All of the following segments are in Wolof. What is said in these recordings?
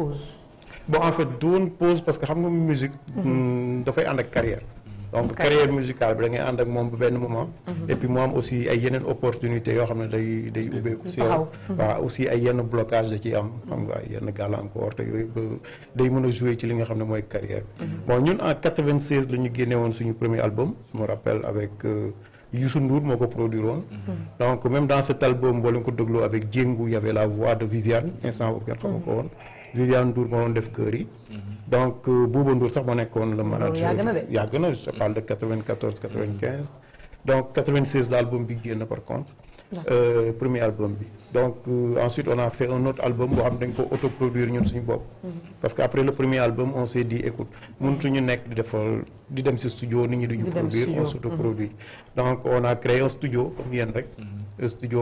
pause. bon en fait du woon pause parce que xam nga musique. Mm, dafay ànd ak carrière. donc carrière musicale bi da ngay ànd ak moom ba benn moment. Mhm. et puis mu am aussi ay yeneen opportunité yoo xam ne day day ubbeeku si aussi ay yenn blocage da ciy am. xam nga ay yenn gàllankoor te yooyu ba day mën a jouer ci li nga xam ne mooy carrière bi. Mhm. bon ñun en 96 la ñu génne woon suñu premier album je me avec. Euh, Youssou Ndour moo ko produire woon. Mhm. donc même dans album boo leen ko dégloo la voix de Viviane instant boobu Viviane Ndour moo doon def kër yi. Mhm. donc euh, Bouba Ndour sax ma nekkoon le manager. yàgg na je parle de 94 95. donc 96 l'album bi génn par contre. Euh, premier album bi. donc euh, ensuite on a fait un autre album boo xam dañ ko autoproduire ñun suñu bopp. Mhm. parce que après le premier album on s'est dit écoute mënut ñu nekk di defal di dem ci studio nit ñi duñu produire mhm. boo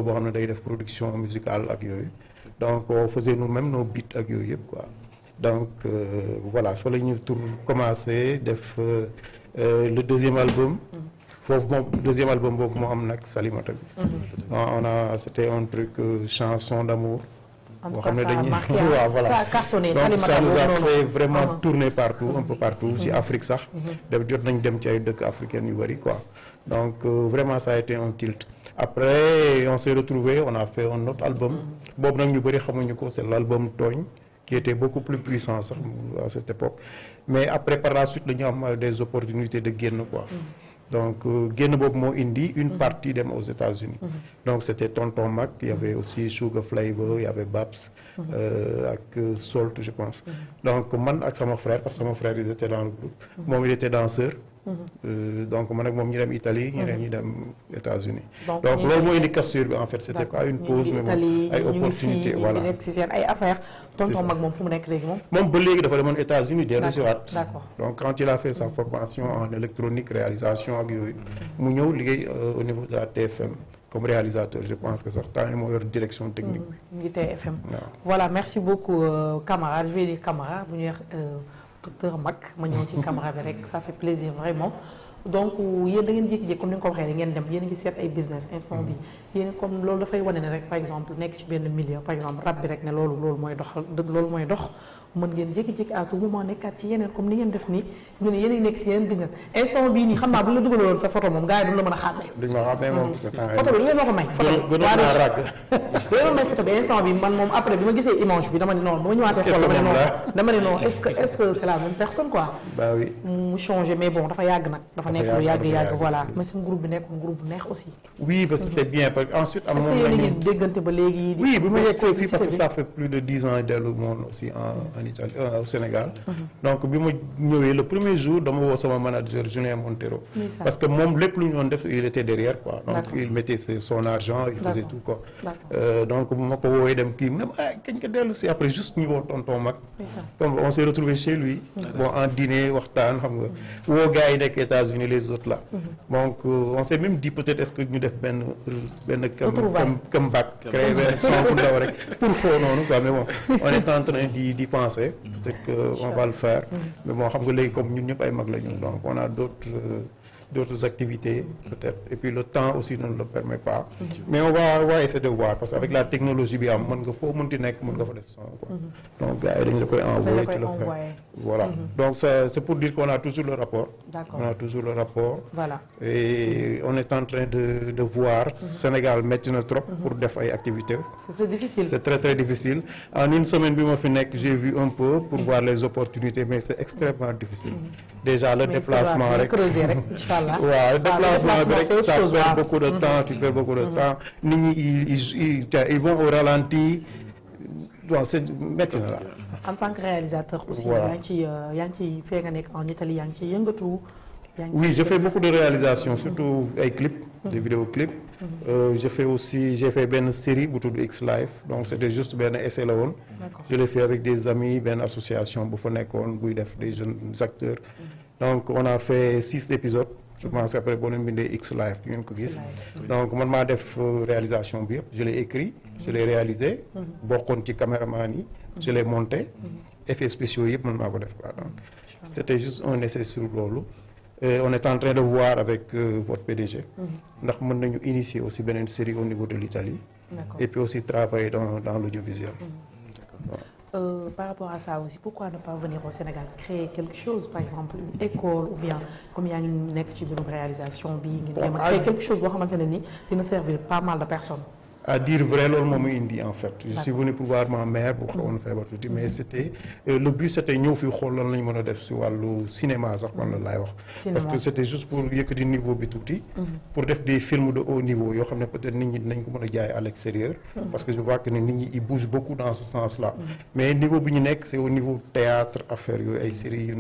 xam ne day def production musicale ak yooyu. donc on faisait nous-mêmes nos ak yooyu yëpp quoi donc euh, voilà fa la ñu tur commencé def euh, euh, le deuxième album. foofu moom boobu moo am nag Salimata bi. Mm-hmm. on a c'était un truc euh, chanson d'amour boo xam ne dañ waaw voilà ça a donc ça nous a fait vraiment mm-hmm. tourner partout un peu partout si mm-hmm. Afrique sax. def jot nañ dem ci ay dëkk africaine yu bari quoi donc vraiment ça a été un tilt. après on s'est retrouvé on a fait un autre album mm-hmm. boobu nag ñu bëri xamuñu ko se l'album Tooñ qui était beaucoup plus puissant sax à cette époque mais après par la suite dañu am des opportunités de génn quoi mm-hmm. donc euh, génn boobu moo indi une mm-hmm. partie dem aux États-Unis donc c'était Tonton Mac il y avait aussi Sugar Flavor il y avait Babs euh, ak euh, Salt je pense donc man ak sama frère parce sama frère il était danseur Euh, donc man ak moom ñu dem Italie. ñeneen mhm. ñi dem États-Unis donc loolu moo indi cassure bi en fait c' une pause. mais ay opportunité voilà ñu mag moom fu mu nekk léegi moom. moom ba léegi dafa demoon États-Unis dellu si waat. donc quand il a fait sa formation en électronique réalisation ak yooyu. mu ñëw liggéey euh, au niveau de la TFM. comme réalisateur je pense que sax temps yi moo direction technique bi. Mm-hmm. mu TFM. voilà merci beaucoup euh, camarade je dire camarade acteur mag ma ñëw ci caméra bi rek ça fait plaisir vraiment donc yéen da ngeen jékki-jékki comme ni nga ko waxee ngeen dem yéen ngi seet ay business instant bi yéen comme loolu dafay wane ne rek par exemple nekk ci benn milieu par exemple rab bi rek ne ci yeneen comme ni ngeen def nii nii xam naa bu la dugal photo moom gars yi duñ moom photo bi ma ko may. gënoon naa rag du ma may photo bi instant bi man moom après bi ma gisee image bi dama ne non ma ñëwaatee xool dama ne non dama ne non nekk lu yàgg yàgg voilà mais seen groupe bi nekkul groupe bu neex aussi. oui parce que c'était bien parce que ensuite. am moom la ñu déggante ba léegi. oui bi ma yegsee fii parce que ça fait plus de dix ans dellu moom aussi en mm-hmm. en Italie euh, au Sénégal. Mm-hmm. donc bi ma ñëwee le premier jour dama woo sama manager Julien Montero. parce que moom lépp lu ñu doon def il était derrière quoi. donc il mettait son argent il faisait tout quoi. Euh, donc bu ma ko woowee dem kii mu ne ma ah kañ ko dellu si après juste ñu woo tonton mag. comme on s'est retrouvé chez lui. bon en dîner waxtaan xam nga mm-hmm. woo gars yi nekk États-Unis unis les autres là. Mhm. donc euh, on s'est même dit peut-être est-ce que ñu def benn euh, benn. comeback créer benn son bu ndaw rek pour foo noonu quoi mais bon on est en train d'y d'y penser. peut-être que on va le faire. Mhm. mais bon xam nga léegi comme ñun ñëpp ay mag la donc on a d'autres. Euh, d'autres activités peut-être et puis le temps aussi ne le permet pas mais on va on va essayer de voir parce que avec la technologie bi am mën nga foo mënti nekk mën nga fa def son quoi mhm. donc gars dañ la koy envoyé tu le fais voilà mhm. donc c'est pour dire qu'on a toujours le rapport on a toujours le rapport voilà et on est en train de de voir mhm. Sénégal métti na trop pour def ay activités c'est très très difficile en une semaine bi ma fi nekk j'ai vu un peu pour voir déjà le déplacement rek waaw déplacement rek ça perd beaucoup de mm-hmm. temps tu perds beaucoup de mm-hmm. temps nit ñi ils ils vont au ralenti c'est métti na la en tant que réalisateur aussi yaa ci yaa ngi ci euh, fee nga nekk en Italie yaa ngi ci yëngatu oui je fais beaucoup de réalisations surtout ay clips mm-hmm. des vidéoclips Euh, je fais aussi j'ai fait benn série bu tudd X Live donc c'était juste benn essai la woon je l'ai fait avec des amis benn association bu fa nekkoon buy def des jeunes acteurs donc on a fait six épisodes je pense après boo leen bindee X live ngeen ko gis donc man maa def euh, réalisation bi yëpp je l'ai écrit je l'ai réalisé mhm. bokkoon ci caméraman yi mhm. je l'ai monté mhm. effets spéciaux yëpp man maa ko def quoi donc c'était juste un essai sur loolu Et on est en train de voir avec euh, votre PDG. ndax mën nañu initier aussi beneen série au niveau de l'Italie. et puis aussi travailler dans dans l'audiovisuel. D'accord. Voilà. Euh, par rapport à ça aussi pourquoi ne pas venir au Sénégal créer quelque chose par exemple une école ou bien comme yaa ngi nekk ci biirum réalisation bi. ngeen jéem a créer ah, quelque chose boo xamante ne ni dina servir pas mal de personnes. à vrai loolu moom indi en fait. je suis venu pour voir ma bu mm-hmm. xawoon feebar tuuti mais mm-hmm. c' était euh, le but c' ñëw fi xool lan lañ mën a def si wàllu cinéma sax parce que c' était juste pour yëkkati niveau bi tuuti. Mm-hmm. pour def des films de haut niveau yoo xam ne peut être nit ñi dinañ ko mën a jaay à l' parce que je vois que nit ñi ils bougent beaucoup dans ce sens là. mais niveau bi ñu nekk c' est niveau théâtre affaire yooyu ay séries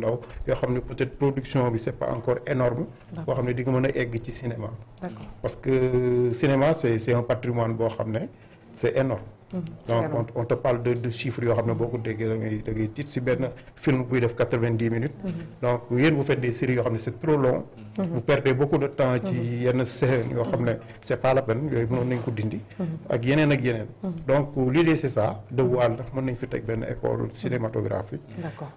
xam ne c'est énorme mmh, donc on te parle de de chiffres yoo xam ne boo ko déggee da ngay da tiit si benn film buy def quatre-vingt-dix minutes mmh. donc yéen vous faites des yoo xam ne c'est trop long mmh. vous perdez beaucoup de temps ci yenn scène yoo xam ne c'est pas la peine yooyu mënoon nañ ko dindi ak yeneen ak yeneen donc l'idée c'est ça de voir ndax mën nañ fi teg benn école cinématographique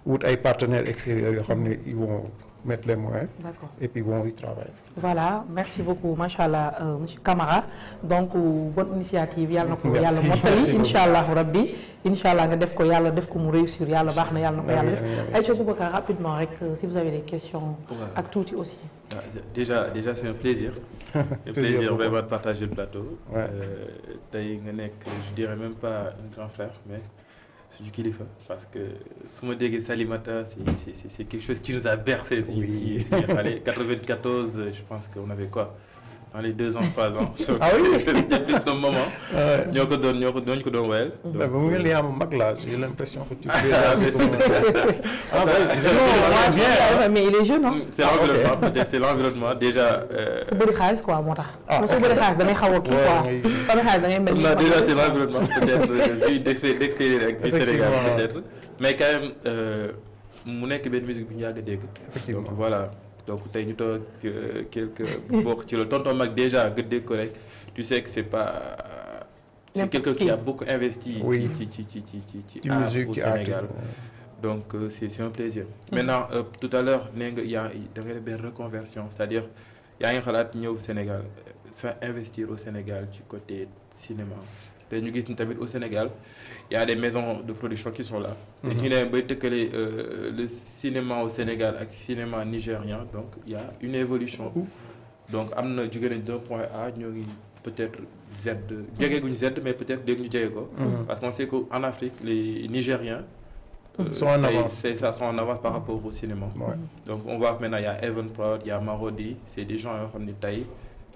wut ay partenaires extérieurs yoo xam ne ils mettre les moyens. D'accord. Et puis bon, ils travaillent. Voilà, merci beaucoup, Machallah, euh, Monsieur Camara. Donc, euh, bonne initiative, yàlla na ko yàlla mottali incha allah rabbi incha allah nga def ko yàlla def ko mu réussir yàlla baax na yàlla na ko yàlla def. ay choses Boubacar rapidement rek euh, si vous avez des questions. ak tuuti aussi. Ah, déjà déjà c'est un plaisir. plaisir plaisir vraiment de partager euh, nga nekk je dirais même pas un grand frère suñu kilifa parce que su ma déggee Salimata c'est c'est c'est quelque chose qui nous a bercé suñu xale 94 je pense qu'on avait quoi dans les deux ans trois ans. ah oui c'était plus de moment. ñoo ko doon ñoo ko doon ñu ko doon wéyal. donc mu mel ni yaa ma mag laa j'ai l'impression que tu ah, ah bien mais il est jeune mm, ah. c'est l'environnement peut-être c'est l'environnement déjà. Euh, ku bëri xaalis quoi moo tax. ah su bëri xaalis da ngay xaw a kii quoi. soo bëri xaalis da ngay mel ni déjà c'est l'environnement peut-être vue d'extérieur ak vue Sénégal peut-être mais quand même euh, mu nekk benn musique bu ñu yàgg a dégg. effectivement voilà. donc tey ñu toog euh, quelque bokk ci loolu tonton mag déjà nga dégg ko rek tu sais que c'est pas c'est quelqu'un qui a beaucoup investi ci ci ci ci ci ci ci art au Sénégal donc euh, c'est c'est un plaisir mm. maintenant euh, tout à l'heure nee nga yaa da nga def benn reconversion c'est-à-dire yaa ngi xalaat ñëw Sénégal euh, sa investir au Sénégal ci côté cinéma te ñu gis ni tamit au Sénégal ya y a des maisons de production qui sont là. te su ñu demee bay euh, le cinéma au Sénégal ak cinéma nigérien donc ya y a une évolution. donc am na jóge nañ deux point A ñoo ngi peut-être Z. jegeguñ Z mais peut-être dégg ñu jege ko. Mm-hmm. parce qu'on sait qu'en Afrique les Nigériens. Euh, sont en avance par rapport au cinéma. donc on voit maintenant il y a Evan Prod il y a Marodi c'est des gens yoo xam ne tey.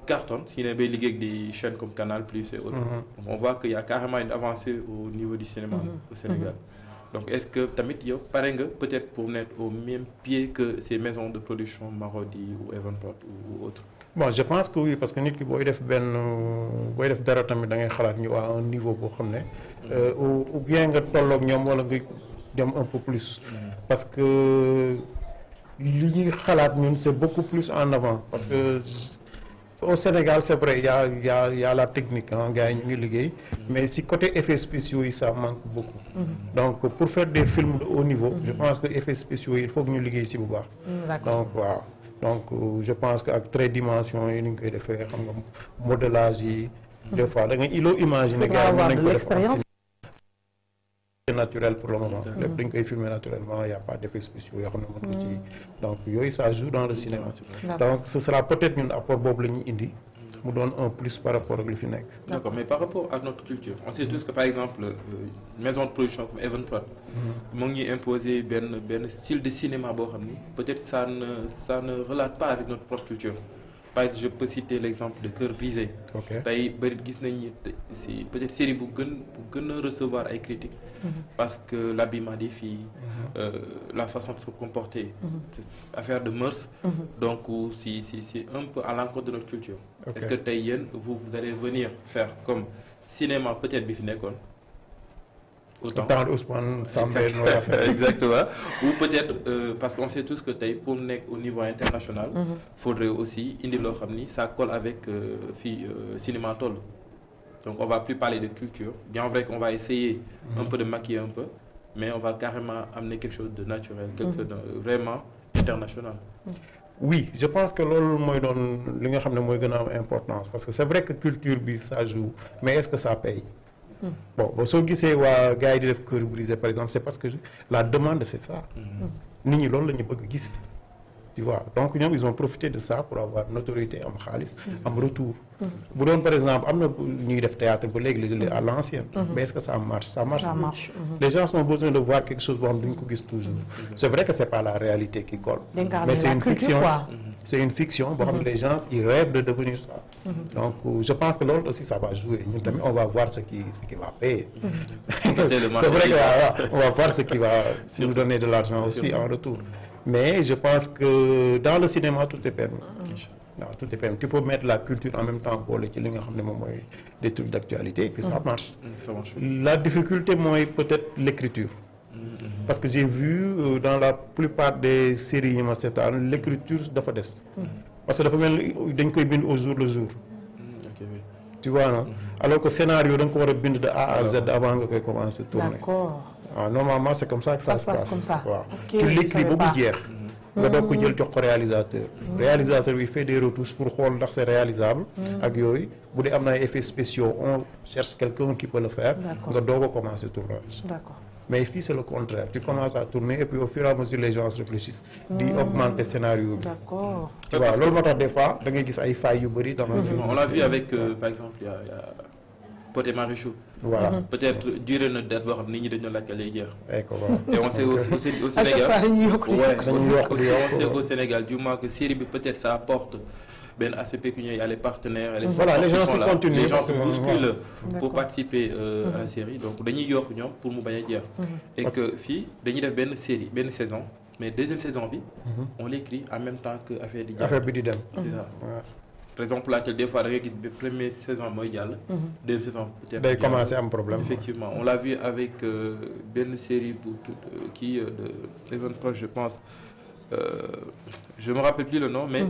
cartonnent. Il y a des chaînes comme Canal Plus et autres. Mm-hmm. Donc on voit qu'il a carrément une avancée au niveau du cinéma mm-hmm. au Sénégal. Mm-hmm. Donc est-ce que tamit yow pare nga peut-être pour mettre au même pied que ces maisons de production Marodi ou Evenpop ou autres. bon je pense que oui parce que nit ki booy def benn booy def dara tamit da ngay xalaat ñu à un niveau boo xam ne. Euh, ou bien nga tolloog ñoom wala nga dem un peu plus. parce que li ñuy xalaat ñun c'est beaucoup en au Sénégal c'est vrai y a la technique ah yi ñu ngi liggéey mm-hmm. mais si côté effets spéciaux yi ça manque beaucoup mm-hmm. donc pour faire des films de haut niveau je mm-hmm. pense que effets spéciaux yi il ñu liggéey si bu baax mm, donc waaw donc euh, je pense que ak très dimension yi ni ñu koy defee xam nga modelage yi des fois da nga ilo imaginer gars yi nañ ko def naturel pour le moment lépp dañ koy filmer naturellement y pas d'effets spéciaux yoo xam ne mën ko ci hmm. donc yooyu ça joue dans le cinéma donc ce sera peut-être ñun apport boobu la indi mu doon un plus par rapport ak li fi nekk d'accord mais par rapport à notre culture on sait tous que par exemple euh, maison de production comme Evenprod hmm. mu ngi imposer benn benn style de cinéma boo xam ni peut-être ça ne ça ne relate pas avec notre propre par exemple je peux citer l' de Cœur brisé. tey bëri gis nañu si peut être série bu gën bu gën a recevoir ay critiques. Mm-hmm. parce que l'habillement des fi mm-hmm. euh, la façon de se comporter. Mm-hmm. c'est affaire de mœurs. donc euh, si si si un peu à l'encontre de notre culture. est ce que tey yéen vous vous venir faire comme cinéma peut être bi fi nekkoon. autant temps de Ousmane Sambène exactement ou peut-être euh, parce qu'on sait tous que tey pour nekk au niveau international mm -hmm. faudrait aussi indi loo xam ni ça colle avec euh, euh, cinéma toll donc on va plus parler de culture bien vrai qu'on va essayer mhm. un peu de maquiller un peu mais on va carrément amener quelque chose de naturel mhm. quelque mm vraiment international oui je pense que loolu mooy doon li nga xam ne mooy gën a am importance parce que c'est vrai que culture Mm. bon soo gisee waa gars yi def cœur par exemple c'est parce que la demande c'est ça mm-hmm. nit ñi loolu la ñu bëgg gis tu vois donc ñoom ils ont profité de ça pour avoir notoriété am xaalis mm-hmm. am retour mm-hmm. bu doon par exemple am na ñuy def théâtre ba léegi à l'ancienne mm-hmm. mais est-ce que ça marche les gens ont besoin de voir quelque chose boo xam duñ toujours c'est vrai que c'est pas la réalité qui colle mais c'est une fiction c'est les gens ils rêvent de devenir ça donc euh, je pense que loolu aussi ça va jouer ñun tamit on va voir ce qui va payer c'est vrai que on mais je pense que dans le cinéma tout est permis. waaw tout est permis tu peux mettre la culture en même temps boole ci li nga xam ne moom mooy des trucs d'actualité et puis ça mm-hmm. marche. Mm, ça marche la difficulté mooy peut-être l'écriture mm-hmm. parce que j'ai vu euh, dans la plupart des séries yi ma seetaan l'écriture dafa des. Mm-hmm. parce que dafa mel dañ koy bind au jour le jour. tu vois non alors que scénario ko war a bind de A avant nga koy commencé tourner waaw ah, normalement c'est comme ça que ça se passe ba mu jeex nga doog ko jël jox ko réalisateur mm-hmm. Mm-hmm. réalisateur bi fait des retouches pour xool ndax c'est réalisable mm-hmm. ak yooyu bu dee am na ay effets spéciaux on cherche quelqu'un qui peut le faire nga doog a commencé tournage d'accord mais fii c'est le contraire tu commences à tourner et puis au fur et à di hmm. augmenter scénario bi d'accord loolu moo tax des fois ngay gis ay failles yu bëri dans hmm. on l'a vu avec euh, par exemple il y a, il y a... Pod et Marichou. voilà mm -hmm. peut-être durée na date boo xam nit ñi dañu lakk lay jeex. et on sait aussi au Sénégal à on sait au Sénégal du moins que série bi peut-être ça apporte. benn aspect pécuniaire y a les partenaires. les voilà gens se continuent les gens se bousculent participer euh, la mhm. série donc dañuy yokk ñoom pour mu bañ a jeex. Mhm. et que fii dañuy def benn série benn saison. mais deuxième saison bi. Mhm. on l'écrit en même temps que affaire di. affaire bi di dem c'est ça. raison pour des fois da ngay gis ba première saison mooy jàll. deuxième saison peut-être day commencer am problème. effectivement on l'a vu avec euh, benn série bu tout euh, kii de Raison Proche je pense je me rappelle plus le nom mais.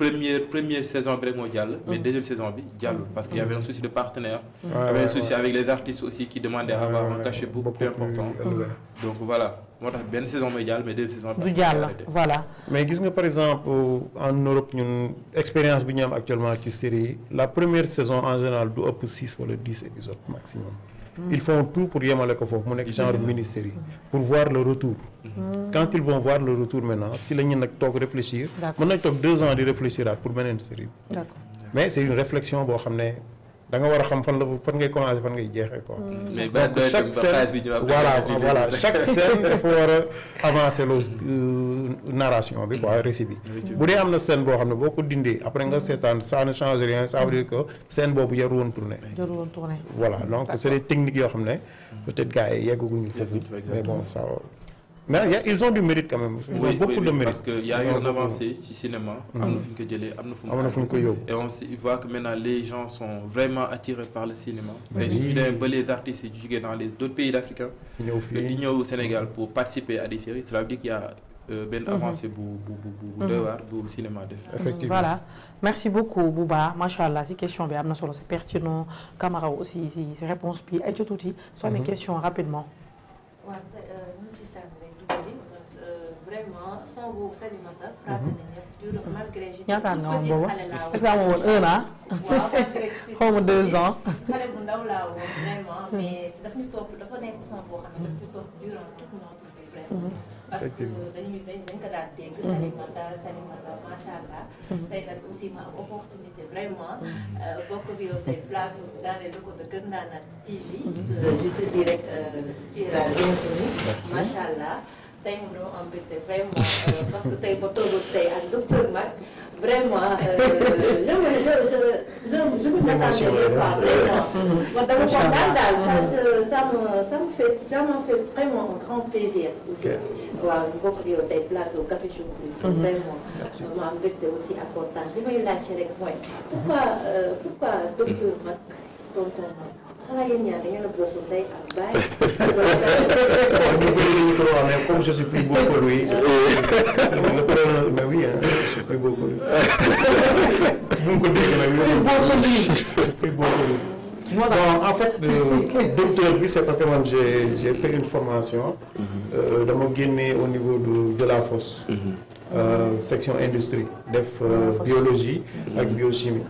première première saison bi rek moo jàll. mais mm. deuxième saison bi jàllul parce que y avait un souci de partenaire. Mm. y avait souci avec les artistes aussi qui demandaient à avoir un cachet plus important. Mm. donc voilà moo tax benn saison mooy jàll mais deuxième saison. du jàll mais gis nga par exemple en Europe ñun expérience bi ñu am actuellement ci série la première saison en général du ëpp six wala dix épisodes maximum. ils font tout pour yemale ko foofu mu nekk genre mini pour voir le retour mhm. quand ils vont voir le retour maintenant si la ñu nag toog réfléchir mën nañ toog deux ans di réfléchir aat pour beneen série mais c'est une réflexion boo xam ne danga war a xam fan la fan ngay commencé fan ngay jeexee quoi. Hmm. mais ba chaque scène voilà voilà chaque scène dafa war a avancer loo euh, narration bi quoi hmm. récit bi. bu dee am na scène boo xam ne boo ko dindee après nga hmm. seetaan ça ne change rien ça veut dire que scène boobu jarul woon tourné. jarul donc c'est des techniques yoo xam ne peut-être gars yi yeggaguñu foofu mais bon ça. mais ils ont du mérite quand même. ils oui, parce que y a eu une ci cinéma. Mm. am na fu ñu ko jëlee am am na fu ñu ko yóbbu et on voit que maintenant les gens sont vraiment par le cinéma. tey su ñu demee ba les artistes yi jugee dans les d'autres pays d'Afrique. ñëw fii di ñëw Sénégal pour participer à des séries cela veut dire qu'il y a euh, benn mm-hmm. avancée bu bu bu mm-hmm. cinéma def. voilà merci beaucoup Bouba macha allah si question bi am na solo c'est pertinent Camara aussi si tuuti. soo amee mm-hmm. question rapidement. waaw euh, son boobu Salimata mhm. frappé na ñëpp juróom malgré ñaata nga woon boobu est-ce que amoo woon un an xaw ma deux ans xale bu ndaw laa woon vraiment mhm. mais daf ñu topp dafa nekk son boo xam ne daf ñu topp durant toute notre vie vraiment mhm. parce que dañuy dañ dañ ko daan dégg Salimata Salimata macha allah tey nag aussi ma am opportunité vraiment euh, bokk bi yow tey plateau dans les locaux de Keur Ndanane TV je te dis rek si tu es la bienvenue macha allah tey moom dama am mbégte vraiment euh, parce que tey ba toog ak tey ak docteur Mack vraiment euh, je me je je je me m'attendais pas vraiment. man dama kontaan daal ça mm-hmm. ça me ça me fait ça me fait vraiment un grand plaisir. aussi waaw ñu bokk yow tey plateau Café Show Plus. Mm-hmm. vraiment ma am mbégte aussi ak kontaan li may laajte rek mooy. pourquoi euh, pourquoi docteur Mack tonton Mack. xanaa yéen ñaar dañu la bokk ndey ak baay. waaw ñu bëri nañu ko wax mais comme je suis plus beau que lui. dama ko doon mais oui hein je suis plus beau que lui. bu ko dégg nag. plus beau que lui. plus beau que lui. Voilà. Bon, en fait docteur bi c'est parce que man j'ai j'ai fait une formation euh, dama génne au niveau de de la fosse mm -hmm. euh, section industrie def euh, biologie mm -hmm. ak biochimie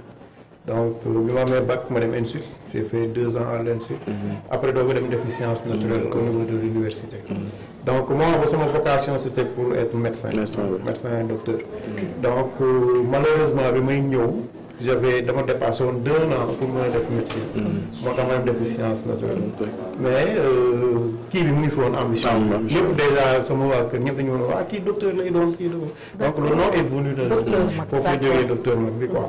donc euh, bi ma amee bac ma dem ENSUP j'ai fait deux ans à l'ENSU. Mm-hmm. après doo ko dem defi sciences naturelles mm-hmm. au niveau de l'université mm-hmm. donc moi sama vocation c'était pour être médecin médecin docteur donc euh, malheureusement bi may ñëw j'avais dama dépassé woon deux ans pour mën a def médecine moo tax ma dem defi sciences naturelles mais euh, kii bi mu ngi fi woon ambition ñëpp déjà sama waa kër ñëpp dañu woon waa kii docteur lay doon kii doon donc le nom est venu de foofu la docteur mag bi quoi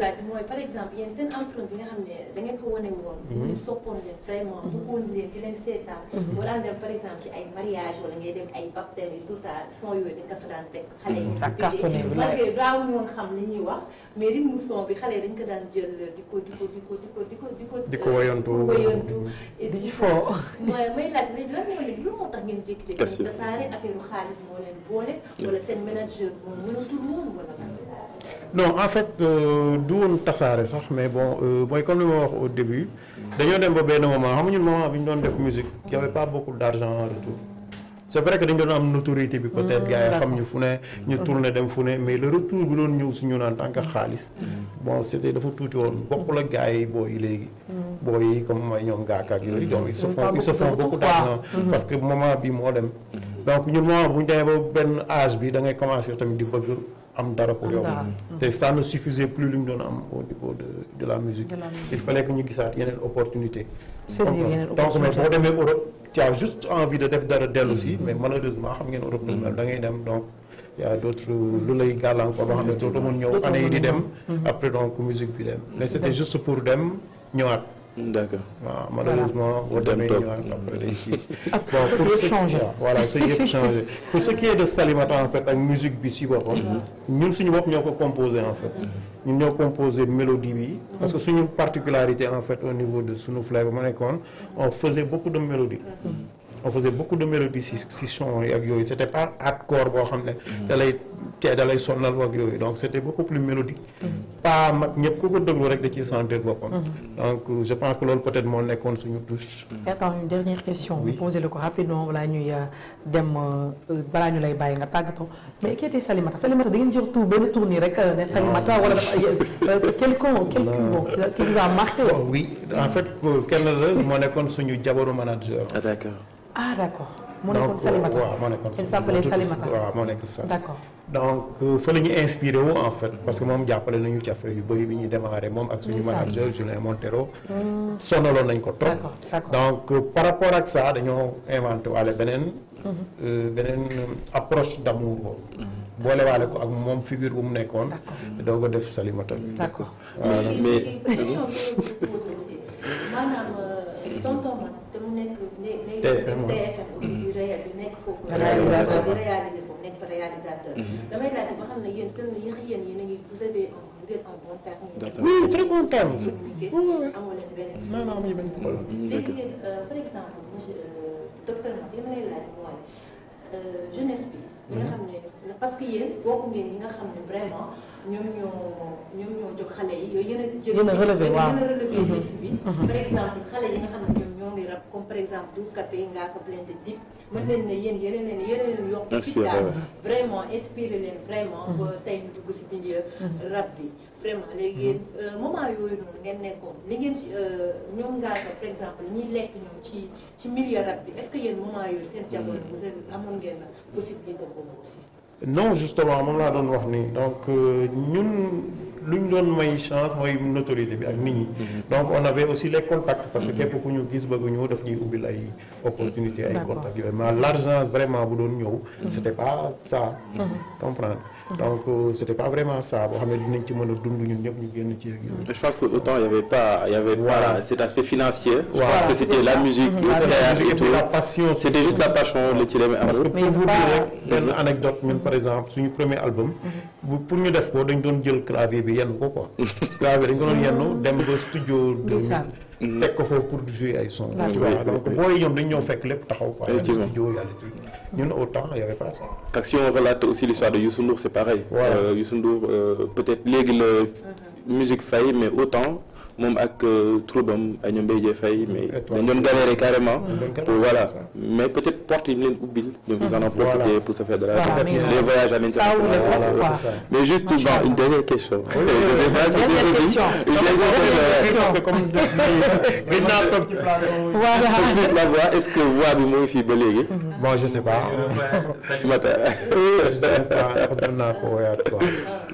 laaj mooy par exemple yéen seen empreinte bi nga xam ne da ko wane woon. mu mhm. soppoon leen vraiment. Mhm. bëggoon leen mhm. par exemple ci ay mariage wala dem ay baptême yi tout ça ko fa woon xam li ñuy wax mais son bi xale dañ ko daan jël di ko di ko di ko ko di ko. di ko fo mooy may laaj léegi lan moo leen lu moo tax ngeen jékki-jékki. tasaare affaire xaalis moo leen boole. wala seen ménageur moom mënatul woon wala. non en fait euh, du woon tasaare sax mais bon euh, mooy comme li ma wax au début dañoo dem ba benn moment xam ñun moment bi ñu doon def musique y que dañu doon am bi peut-être mm, ñu fu ne ñu tourné fu mais le retour bi si ñun en tant xaalis mm. bon c'était dafa tuuti woon bokk la gars yi booy yi léegi mm. booy yi comme may ñoom gaaka ak yooyu donc mm-hmm. que moment bi moo dem donc ñun bu ñu demee ba benn âge bi da ngay commencer tamit di bëgg am dara pour yow te ça ne suffisait plus lu ñu doon am au de de la musique il fallait que ñu gisaat yeneen opportunité donc mais boo demee Europe tu as juste envie de def dara dellu si mm-hmm. mais malheureusement xam ngeen Europe lu mel mm-hmm. da dem donc y a d'autres lu lay gàllankoor ba xam ne dootoo mën ñëw année yi di dem mm-hmm. après donc musique bi dem mais c'était juste pour dem ñëwaat Mm, d'accord waaw ah, malheureusement boo demee ñu bon pour ce changé voilà sa yëpp changé pour ce qui est de Salimata en fait ak musique bi si boppam mm-hmm. ñun suñu bopp ñoo ko composé en fait mm-hmm. ñun ñoo composé mélodie bi parce que mm-hmm. suñu particularité en fait au niveau de Sunu Flavor ma nekkoon on faisait beaucoup de mélodies on faisait beaucoup de mélodies si si son yi ak yooyu c' était pas hardcore boo xam ne. Mm-hmm. da lay te da lay sonnal ak yooyu donc c' était beaucoup plus mélodique. Mm-hmm. pas mag ñëpp ku ko déglu rek da ciy sentir boppam. Mm-hmm. donc euh, je pense que loolu moo nekkoon suñu touche. attends une dernière question. Euh, euh, Salimata Salimata da ngeen jël tur benn tur rek Salimata wala dafa quelqu'un quelqu'un qui vous a marqué. Oh oui en fait kenn moo nekkoon suñu jabaru manager. Ah, d'accord. Ah, accord. moo nekkoon Salimata waaw moo nekkoon Salimata waaw donc euh, fa la ñu inspiré wu en fait parce que moom jàppale nañu ci affaire yu bëri bi ñuy démarré moom ak suñu manager Julien Montero. Hmm. sonaloon nañ ko trop. donc euh, par rapport ak ça dañoo inventé waale beneen. Mhm. Euh, beneen approche d' amour boobu. Mhm. boole waale ko ak moom figure bu mu nekkoon. doo ko def Salimata. d' accord mais. TFM TFM aussi du réel bi nekk foofu réalisateur bi réalisé foofu nekk fa réalisateur mhm. damay laaj ba xam ne yéen seen yéex yéen yéen a ngi vous avez vous êtes en bon terme oui très bon terme amoo leen benn mhm. non non amuñu benn problème léegi yéen euh, par exemple monsieur euh, docteur Mak li ma lay laaj mooy euh, jeunesse bi ñi mhm. nga xam ne parce que yéen bokk ngeen ñi nga xam ne vraiment ñoom ñoo ñoom ñoo jóg xale yi yooyu yéen a jël yéen a relevé waaw yéen a relevé défi bi par exemple xale yi nga xam ne ay rab comme par exemple duurkat yi ngaa ko plainte dip mën nañ ne yéen yéen leen yéen leen yokk ci daal vraiment inspiré leen vraiment ba mm-hmm. tey ñu dugg si milieu mm-hmm. rab bi vraiment léegi yéen mm-hmm. euh, moment yooyu noonu ngeen nekkoon li ngeen ci euh, ñoom ngaa ko par exemple ñiy lekk ñoom ci ci milieu rab bi est-ce que yéen moment yooyu seen jamono vous amoon ngeen la possibilité boobu aussi non justement moom laa doon wax ni donc euh, ñun lu ñu doon may chance mooy notoriété bi ak nit ñi. Mhm. donc on avait aussi les contacts. parce que mhm. képp ku ñu gis ba bëgg ñëw def ñuy ubbil ay opportunités ay contacts yooyu mais l'argent vraiment bu doon ñëw. Mhm. c'était pas ça. comprendre. Mhm. donc euh, c' était pas vraiment ça boo xam ne dinañ ci mën a dund ñun ñëpp ñu génn ci yooyu. je pense que autant y pas y pas cet aspect financier. je pense que passion parce que pour vous benn anecdote même par exemple suñu premier album. Mhm. pour ñu def ko dañ doon jël clavier bi yenn ko quoi. clavier dañ ko doon yenn mm. dem ba studio. teg ko foofu pour jouer ay son. donc booy ñoom dañ ñoo fekk lépp taxaw quoi. studio yàlla ñun autant y avait pas ça. Parce que si on relate aussi l'histoire de Youssou Ndour c'est pareil. Voilà. Euh, Youssou Ndour euh, peut-être léegi la mm-hmm. musique faillit mais autant. moom ak euh, troubam ñoom Mbaye Dièye Faye mais dañ doon galéré carrément pour voilà mais peut-être porte yi ñu leen ubbil donc ils en ont profité pour se de la les voyages à l'international mais juste bon une dernière question voix est-ce que voix bi mooy fii ba léegi mm-hmm. bon je sais pas Mata je sais pas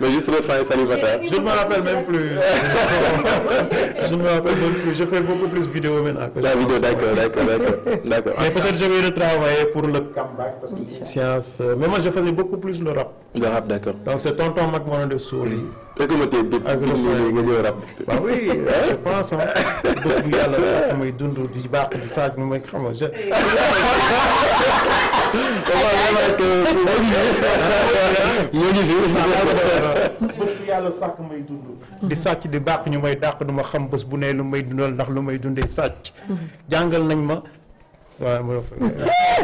mais juste le français salut Mata je ne me rappelle même plus je ne me rappelle même plus je fais beaucoup plus vidéo maintenant. la vidéo d'accord d'accord d'accord d'accord. mais peut-être je vais retravailler pour le science mais moi je faisais beaucoup plus le rap. le rap d'accord. donc c'est tonton Mac moo doon def suul yi. te que ma tey bépp nga ñëw rap. je pense ah bés bu yàlla sax muy dund di baax di saag mi muy xam nga je. moo ngi fi di sàcc di bàq ñu may dàq du ma xam bu ne lu may dundal ndax lu may dundee sàcc jàngal nañ ma waaw ma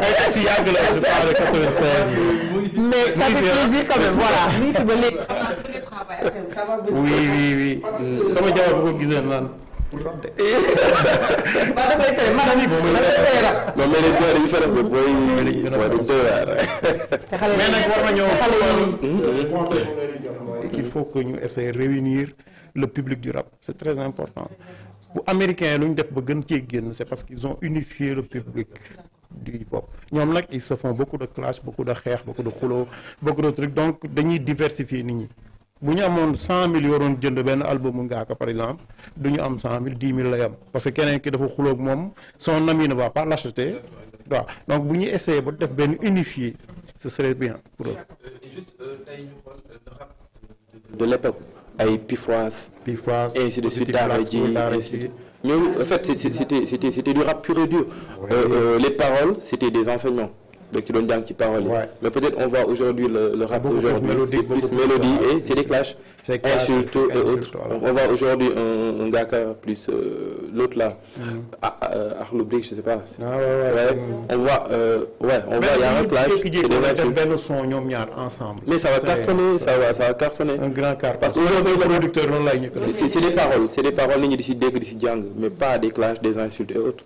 ay si yàgg la je parle 96 mais ça fait plaisir quand même sama jabar bu ko gisee naan bul rab de. Eh. nañoo e eh, il faut que ñu essayer réunir le public du rab c'est très important bu américain lu ñu def ba gën cee génn c'est parce qu'ils ont unifié le public. du hip hop ñoom nag ils se font beaucoup de clash beaucoup de xeex beaucoup de xuloo beaucoup de trucs donc dañuy diversifier nit ñi. bu ñu amoon cent mille yoroon jënd benn album Ngaaka par exemple du ñu am cent mille dix mille lay am parce que keneen ki dafa xuloog moom son ami ne va pas l'acheter waaw donc bu ñu essayé ba def benn unifié ce serait bien pour eux. Euh, juste euh, tey ñu xool euh, de l'époque ay Pifouas. Pifouas et ainsi de suite Daara J ainsi de suite ñooñu en fait c'était c'était c'était du rap pur et les paroles c'était des enseignements. donc ci doon jàng ci paroles yi. mais peut-être on voit aujourd'hui le le aujourd'hui mélodie et c'est des clashs. c'est et autres on voit aujourd'hui un un plus euh, l'autre là. Mm. Ah, euh, Akhlou Brick je sais pas. Ah, euh, on voit on voit y a un clash. c'est benn son mais c'est des paroles c'est des paroles nit ñi si dégg di si jàng mais pas des clashs des insultes et autres.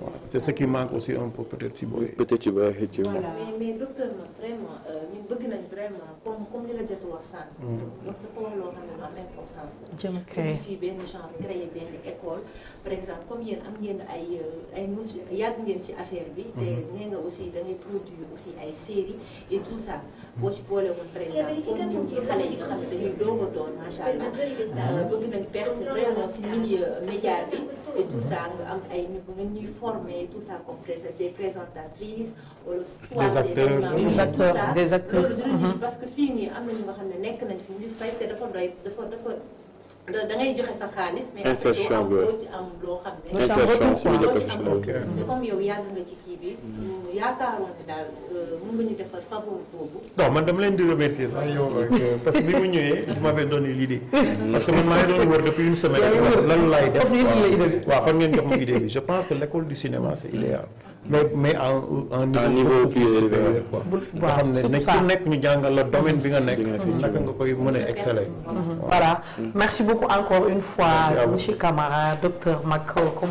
Voilà. C'est ce qui un peu peut-être ci booy. peut-être ci booy effectivement. voilà mais mais docteur euh, comme comme mm. benn genre créé benn école par exemple comme yéen am ngeen ay euh, ay mos yàgg ngeen ci affaire bi. Mm-hmm. te nee nga aussi da ngay produire aussi ay séries et tout ça. Mm-hmm. boo ci boole woon par exemple comme yi nga xam ne dañuy euh, bëgg nañ percer vraiment ci milieu média bi et tout ça mm-hmm. nga am ay ñu nga ñuy. former tout ça comme des présentatrices wala soit des acteurs des acteurs des actrices mhm. parce que fii nii am na ñu nga xam ne nekk nañ fi ñu fay te dafa doy dafa dafa da ngay joxe sa xaalis. mais insertion bi am loo xam yow yàgg nga ci kii bi. yaakaaroon daal euh, mun nga ñu defal faveur boobu. non man dama leen di remercier sax euh, parce que bi mu ñëwee il m'avait donné l'idée. parce que man maa ngi doon depuis une semaine. lan laay def waa fan ngeen jox ma idée je pense que l'école du cinéma c'est idéal. mais mais à un niveau plus supérieur quoi nga nekk ñu jàngal la domaine bi nga nekk naka nga koy mën a exceller mhm. voilà merci beaucoup encore une fois monsieur Camara docteur Mack comme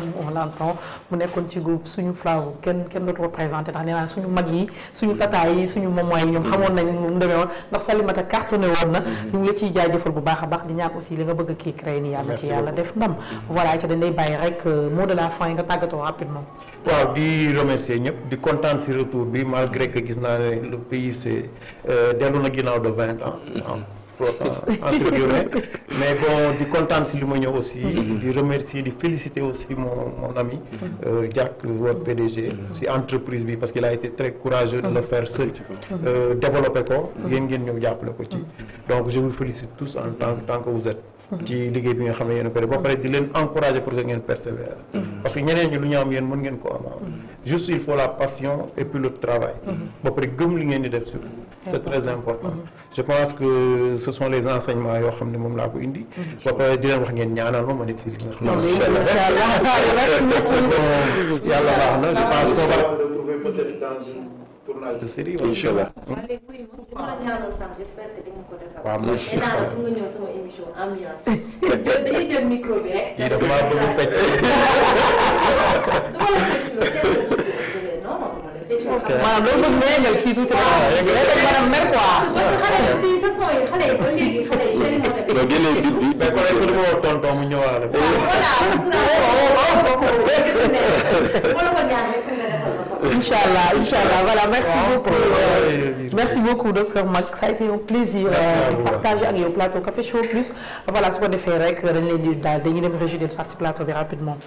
mu nekkoon ci groupe suñu flaw kenn kenn dootu représenté ndax nee naa suñu mag yi suñu tata yi suñu momo yi ñoom xamoon nañ mu demee woon ndax Salimata cartonné woon na mhm. ñu ngi la ciy jaajëfal bu baax a baax di ñaan aussi li nga bëgg kii créé ni yàlla ci yàlla def ndam mhm. voilà ca dañ bàyyi rek euh, moo de la fin nga tàggatoo rapidement waaw remercier ñëpp di kontaan si retour bi malgré que gis naa ne le pays c'est euh, dellu na ginnaaw de vingt ans. entre guillemets mais bon di kontaan si li ma ñëw aussi. Mhm. di remercier di féliciter aussi mon mon ami. Mhm. Euh, Jack PDG. si mhm. entreprise bi parce qu'il a été très courageux de le faire seul. Euh, développer ko. yéen ngeen ñëw jàppale ko ci. donc je vous félicite tous en tant que vous ci liggéey bi nga xam ne yéen ko def ba pare di leen encourager pour que ngeen persévérer parce que ñeneen ñi lu ñu am yéen mën ngeen ko am juste il faut la passion et puis le travail ba pare gëm li ngeen di def surtout c'est très important mhm. je pense que ce sont les enseignements yoo xam ne moom laa ko indi mhm. ba pare di leen wax ngeen ñaanal ma ma nit si li nga xam ne yàlla baax na je pense qu'on va se retrouver peut-être dans laajte série wala incha allah. waaw man ñëw sama émission ambiance. dañuy jël micro bi rek. kii dafa maa bëgg fecc. ok maanaam loolu bëgg nga yëngal kii tuuti maanaam mer quoi. si sa son yi xale yi ba léegi xale yi benn mot a. loolu génnee bit bi. mais kon est-ce que du ma woo tonton mu ñëwaale. voilà. incha allah voilà merci beaucoup euh, merci beaucoup docteur Mack ça a été un plaisir. Euh, partager ak yow plateau Café Show plus voilà su ko defee rek dañ leen di daal dañuy dem région de si plateau bi rapidement.